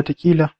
watakila